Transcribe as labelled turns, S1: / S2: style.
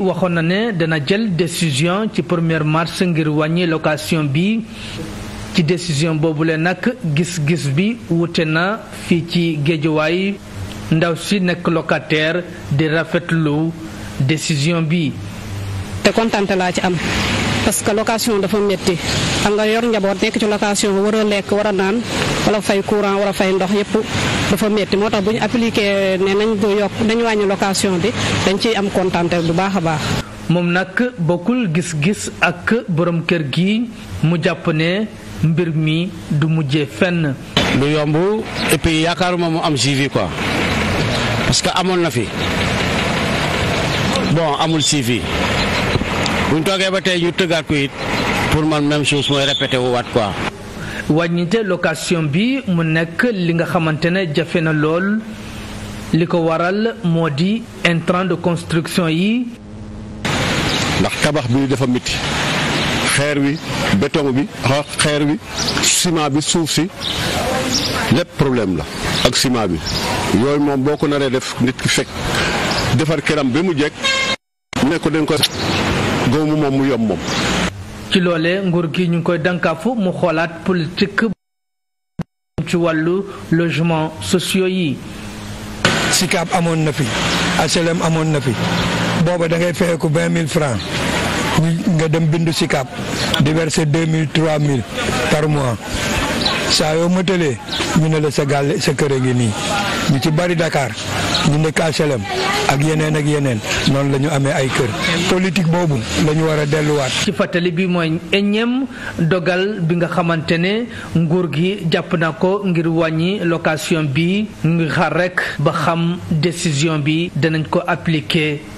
S1: waxoon na ne dana jël décision ci première mars ngir wàññi location bi ci décision boobu boobule nag gis-gis bi wute na fii ci géejuwaay ndaw si nekk locataire di rafetlu décision bi.
S2: te kontaan laa ci am. parce que location dafa métti xam nga yor njaboot nekk ci location war a lekk war a naan wala fay courant wala fay ndox yëpp dafa métti moo tax bu ñu appliqué ne nañ du yokk dañ wàññi location bi dañ ciy am kontaan bu baax a baax.
S1: moom nag bokkul gis-gis ak borom kër gi mu jàpp ne mbir mi du mujjee fenn. du yomb et puis yaakaaruma mu am
S3: suivi quoi parce que amoon na fi bon amul suivi. buñ toogee ba tey ñu tëggaat ko it pour man même chose mooy répété waat quoi.
S1: wàññite location bi mu nekk li nga xamante ne jafe na lool li ko waral moo di intrant de construction yi.
S3: ndax tabax bi dafa métti xeer bi béton bi ah, xeer bi ciment bi suuf si lépp problème la ak ciment bi yooyu moom boo ko naree def nit ki fekk defar këram ba mu jekk nekk dañ ko. góomu moom mu yomb moom.
S1: ci loolee nguur gi ñu ngi koy dànkaafu mu xoolaat politique ci wàllu logement sociaux yi.
S4: SICAP amoon na fi HLM amoon na fi booba da ngay fayeeku vingt mille francs nga dem bindu SICAP di verser deux mille trois mille par mois saa yoo mëtalee ñu ne la sa gàll sa kër ngi nii ñu ci bari Dakar ñu nekk HLM. ak yeneen ak yeneen noonu la ñu amee ay kër politique boobu la ñu war a delluwaat.
S1: ci fàttali bi mooy énième dogal bi nga xamante ne nguur gi jàpp naa ko ngir wàññi location bi ngi xar rek ba xam décision bi danañ ko appliquer.